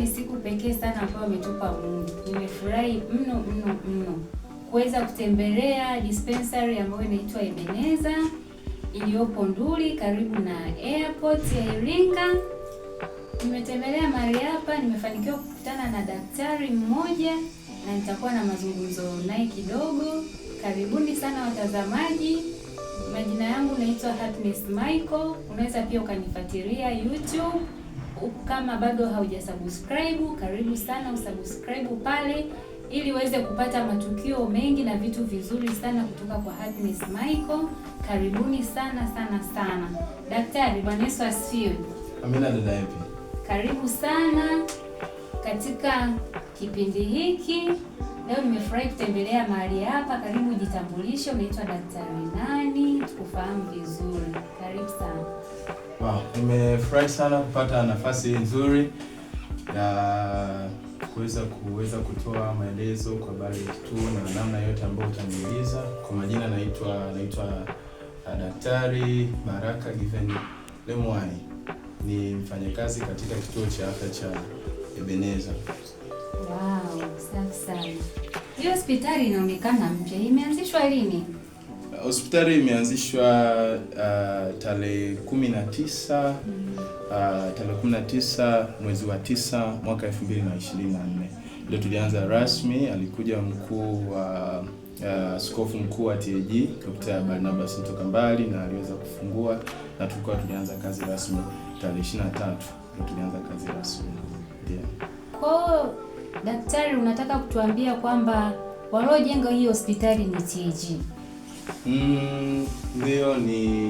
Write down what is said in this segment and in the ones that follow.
ni siku pekee sana ambayo ametupa Mungu. Nimefurahi mno mno mno kuweza kutembelea dispensary ambayo inaitwa Ebeneza iliyopo Nduli karibu na airport ya Iringa. Nimetembelea mahali hapa, nimefanikiwa kukutana na daktari mmoja na nitakuwa na mazungumzo naye kidogo. Karibuni sana watazamaji. Majina yangu naitwa Happiness Michael. Unaweza pia ukanifuatilia YouTube. Kama bado haujasubscribe, karibu sana usubscribe pale ili uweze kupata matukio mengi na vitu vizuri sana kutoka kwa Agnes Michael. Karibuni sana sana sana. Daktari, Bwana Yesu asifiwe. Amina dada yepi. Karibu sana katika kipindi hiki. Leo nimefurahi kutembelea mahali hapa. Karibu, jitambulishe, unaitwa daktari nani, tukufahamu vizuri. Karibu sana. Nimefurahi sana kupata nafasi nzuri ya kuweza kuweza kutoa maelezo kwa habari tu na namna yote ambayo utaniuliza. Kwa majina naitwa naitwa uh, Daktari Baraka Given Lemwani, ni mfanyakazi katika kituo cha afya cha Ebeneza. Wow, safi sana. Hiyo hospitali inaonekana mpya, imeanzishwa lini? hospitali imeanzishwa uh, tarehe 19 uh, tarehe 19 mwezi wa 9 mwaka 2024 ndio tulianza rasmi. Alikuja mkuu wa uh, askofu uh, mkuu wa TAG Dr. Barnabas mbali na aliweza kufungua, na tulikuwa tulianza kazi rasmi tarehe 23 ndio tulianza kazi rasmi yeah. Oh, daktari unataka kutuambia kwamba waliojenga hii hospitali ni TAG Mm, ndiyo ni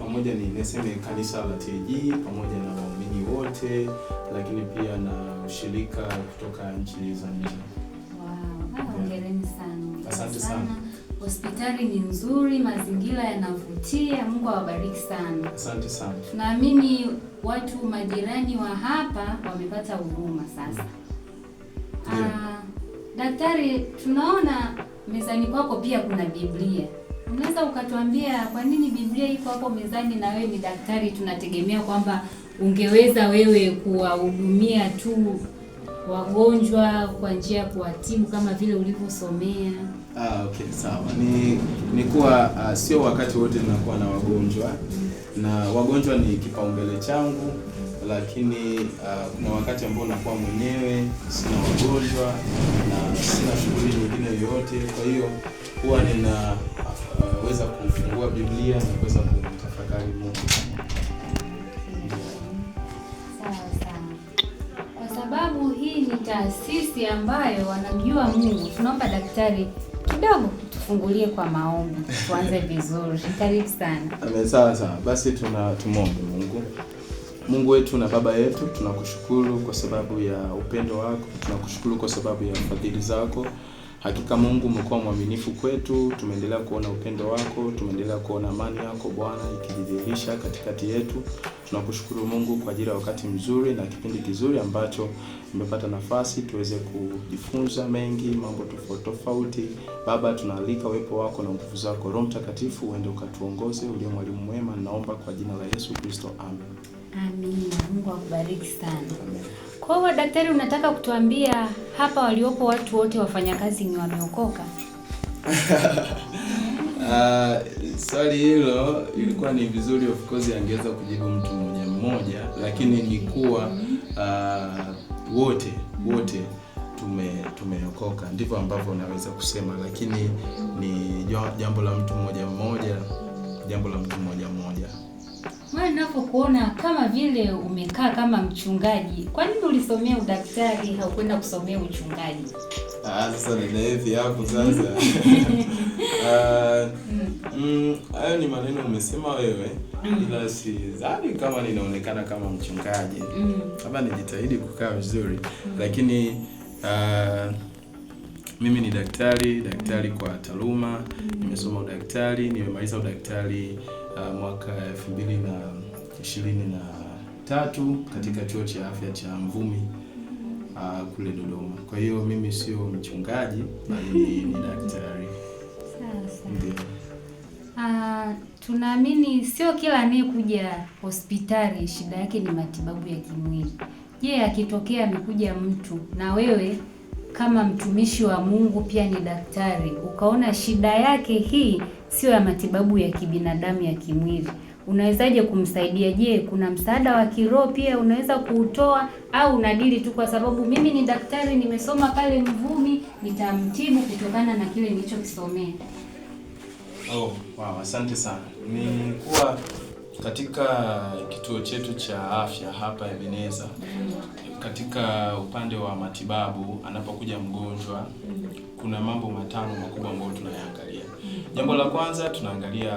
pamoja ni niseme kanisa la TG pamoja na waumini wote, lakini pia na ushirika kutoka nchi za nje. Wow, yeah. Asante sana, sana. Hospitali ni nzuri, mazingira yanavutia. Mungu awabariki sana. Asante sana. mimi watu majirani wa hapa wamepata huduma sasa. Yeah. Uh, daktari tunaona mezani kwako pia kuna Biblia. Unaweza ukatuambia kwa nini Biblia iko hapo mezani, na wewe ni daktari, tunategemea kwamba ungeweza wewe kuwahudumia tu wagonjwa kwa njia ya kuwatibu kama vile ulivyosomea. Ah, okay sawa. Ni ni kuwa uh, sio wakati wote ninakuwa na wagonjwa na wagonjwa ni kipaumbele changu lakini uh, wakati ambao nakuwa mwenyewe, sina wagonjwa na sina shughuli nyingine yoyote. Kwa hiyo huwa ninaweza uh, kufungua Biblia na kuweza kumtafakari Mungu sababu hii ni taasisi ambayo wanamjua Mungu. Tunaomba daktari kidogo tufungulie kwa maombi, tuanze vizuri. Karibu sana. Sawa sawa, basi tuna tumwombe Mungu. Mungu wetu na Baba yetu, tunakushukuru kwa sababu ya upendo wako, tunakushukuru kwa sababu ya fadhili zako. Hakika Mungu umekuwa mwaminifu kwetu, tumeendelea kuona upendo wako, tumeendelea kuona amani yako Bwana ikijidhihirisha katikati yetu. Tunakushukuru Mungu kwa ajili ya wakati mzuri na kipindi kizuri ambacho umepata nafasi tuweze kujifunza mengi, mambo tofauti tofauti. Baba, tunaalika uwepo wako na nguvu zako, Roho Mtakatifu uende ukatuongoze, ulio mwalimu mwema, naomba kwa jina la Yesu Kristo, amen. Amina, Mungu akubariki sana. Kwa hiyo daktari, unataka kutuambia hapa waliopo watu wote wafanyakazi ni wameokoka? Uh, swali hilo ilikuwa ni vizuri, of course angeweza kujibu mtu mmoja mmoja, lakini ni kuwa uh, wote wote tume tumeokoka, ndivyo ambavyo unaweza kusema, lakini ni jambo la mtu mmoja mmoja, jambo la mtu mmoja mmoja. Maana ninapokuona kama vile umekaa kama mchungaji, kwa nini ulisomea udaktari haukwenda kusomea uchungaji? Ah, sasa nina hivi hapo sasa. Ah, hmm. mm, hayo ni maneno umesema wewe mm. Ila sidhani kama ninaonekana kama mchungaji mm. Labda nijitahidi kukaa vizuri mm. Lakini uh, mimi ni daktari, daktari kwa taaluma mm. Nimesoma udaktari, nimemaliza udaktari Uh, mwaka tatu katika chuo cha afya cha Mvumi uh, kule Dodoma. Kwa hiyo mimi sio mchungaji bali ni daktari. Uh, tunaamini sio kila anayekuja hospitali shida yake ni matibabu ya kimwili. Je, akitokea amekuja mtu na wewe kama mtumishi wa Mungu pia ni daktari, ukaona shida yake hii sio ya matibabu ya kibinadamu ya kimwili. Unawezaje kumsaidia? Je, kuna msaada wa kiroho pia unaweza kuutoa, au unadili tu kwa sababu mimi ni daktari, nimesoma pale Mvumi, nitamtibu kutokana na kile nilichokisomea? Oh, wow, asante sana. Ni kuwa katika kituo chetu cha afya hapa Ebeneza, katika upande wa matibabu, anapokuja mgonjwa, kuna mambo matano makubwa ambayo tunayaangalia Jambo la kwanza tunaangalia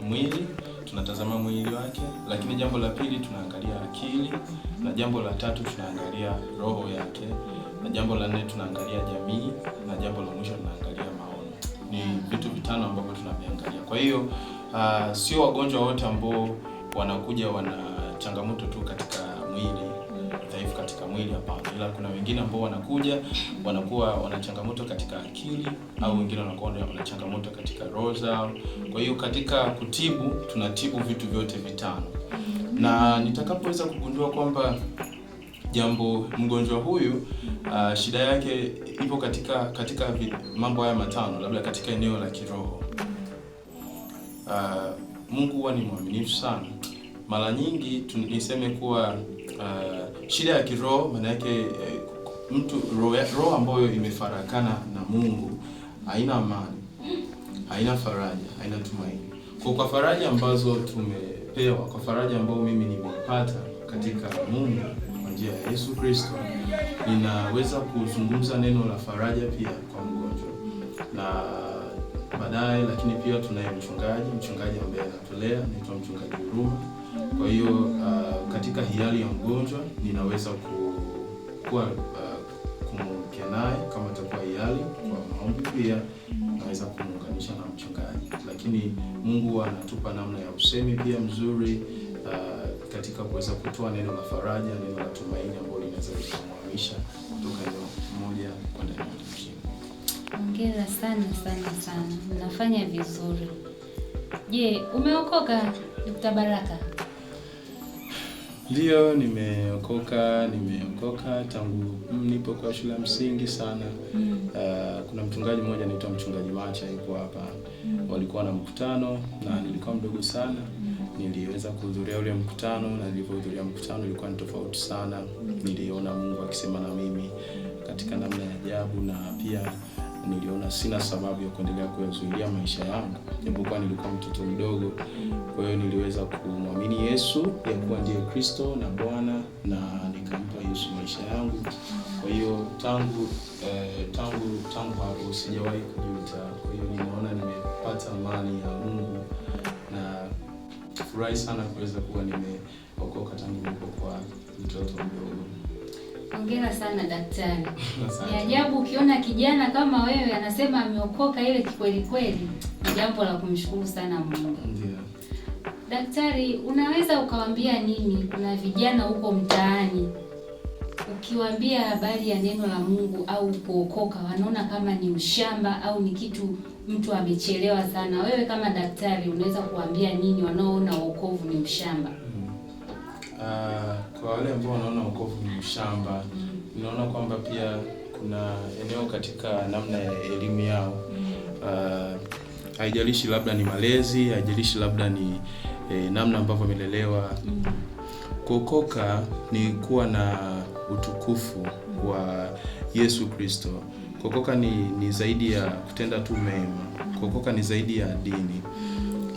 mwili, tunatazama mwili wake, lakini jambo la pili tunaangalia akili, na jambo la tatu tunaangalia roho yake, na jambo la nne tunaangalia jamii, na jambo la mwisho tunaangalia maono. Ni vitu vitano ambavyo tunaviangalia. Kwa hiyo uh, sio wagonjwa wote ambao wanakuja wana changamoto tu katika mwili katika mwili, hapana, ila kuna wengine ambao wanakuja wanakuwa wana changamoto katika akili au wengine wanakuwa wana changamoto katika roho zao. Kwa hiyo katika kutibu tunatibu vitu vyote vitano, na nitakapoweza kugundua kwamba jambo mgonjwa huyu uh, shida yake ipo katika katika mambo haya matano, labda katika eneo la kiroho uh, Mungu huwa ni mwaminifu sana. Mara nyingi niseme kuwa Uh, shida ya kiroho maana yake eh, mtu roho ambayo imefarakana na Mungu haina amani, haina faraja, haina tumaini. Kwa kwa faraja ambazo tumepewa, kwa faraja ambayo mimi nimepata katika Mungu kwa njia ya Yesu Kristo, ninaweza kuzungumza neno la faraja pia kwa mgonjwa na baadaye, lakini pia tunaye mchungaji, mchungaji ambaye anatolea, anaitwa mchungaji Huruma. Kwa hiyo uh, katika hiari ya mgonjwa ninaweza ku kuwa uh, kumke naye kama itakuwa hiari kwa maombi, pia naweza kumuunganisha na mchungaji, lakini Mungu anatupa namna ya usemi pia mzuri uh, katika kuweza kutoa neno la faraja, neno la tumaini ambalo linaweza kumhamisha kutoka eneo moja kwenda eneo lingine. Hongera sana sana sana, mnafanya vizuri. Je, umeokoka Dr. Baraka? Ndiyo, nimeokoka, nimeokoka tangu kwa shule ya msingi sana. Mm. Uh, kuna mchungaji mmoja anaitwa mchungaji Macha yuko hapa. Mm. Walikuwa na mkutano na nilikuwa mdogo sana. Mm. Niliweza kuhudhuria ule mkutano na nilipohudhuria mkutano ilikuwa ni tofauti sana. Mm. Niliona Mungu akisema na mimi katika namna ya ajabu na pia niliona sina sababu ya kuendelea kuyazuilia maisha yangu, japokuwa nilikuwa mtoto mdogo. Kwa hiyo niliweza kumwamini Yesu ya kuwa ndiye Kristo na Bwana, na nikampa Yesu maisha yangu. Kwa hiyo tangu eh, tangu tangu hapo sijawahi kujuta. Kwa hiyo ninaona nimepata amani ya Mungu na furahi sana kuweza kuwa nimeokoka tangu nilipokuwa mtoto mdogo. Hongera sana daktari. Ni ajabu ukiona kijana kama wewe anasema ameokoka ile kweli kweli, ni jambo la kumshukuru sana Mungu. Ndiyo. Daktari, unaweza ukawambia nini kuna vijana huko mtaani, ukiwaambia habari ya neno la Mungu au kuokoka, wanaona kama ni ushamba au ni kitu mtu amechelewa sana. Wewe kama daktari unaweza kuwambia nini wanaoona wokovu ni ushamba? hmm. uh... Ah, kwa wale ambao wanaona wokovu ni ushamba, ninaona kwamba pia kuna eneo katika namna ya elimu yao. Ah, haijalishi uh, labda ni malezi, haijalishi labda ni eh, namna ambavyo amelelewa. Kuokoka ni kuwa na utukufu wa Yesu Kristo. Kuokoka ni, ni zaidi ya kutenda tu mema. Kuokoka ni zaidi ya dini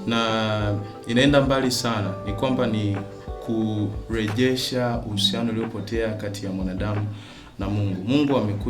na inaenda mbali sana, ni kwamba ni kurejesha uhusiano uliopotea kati ya mwanadamu na Mungu. Mungu amekuja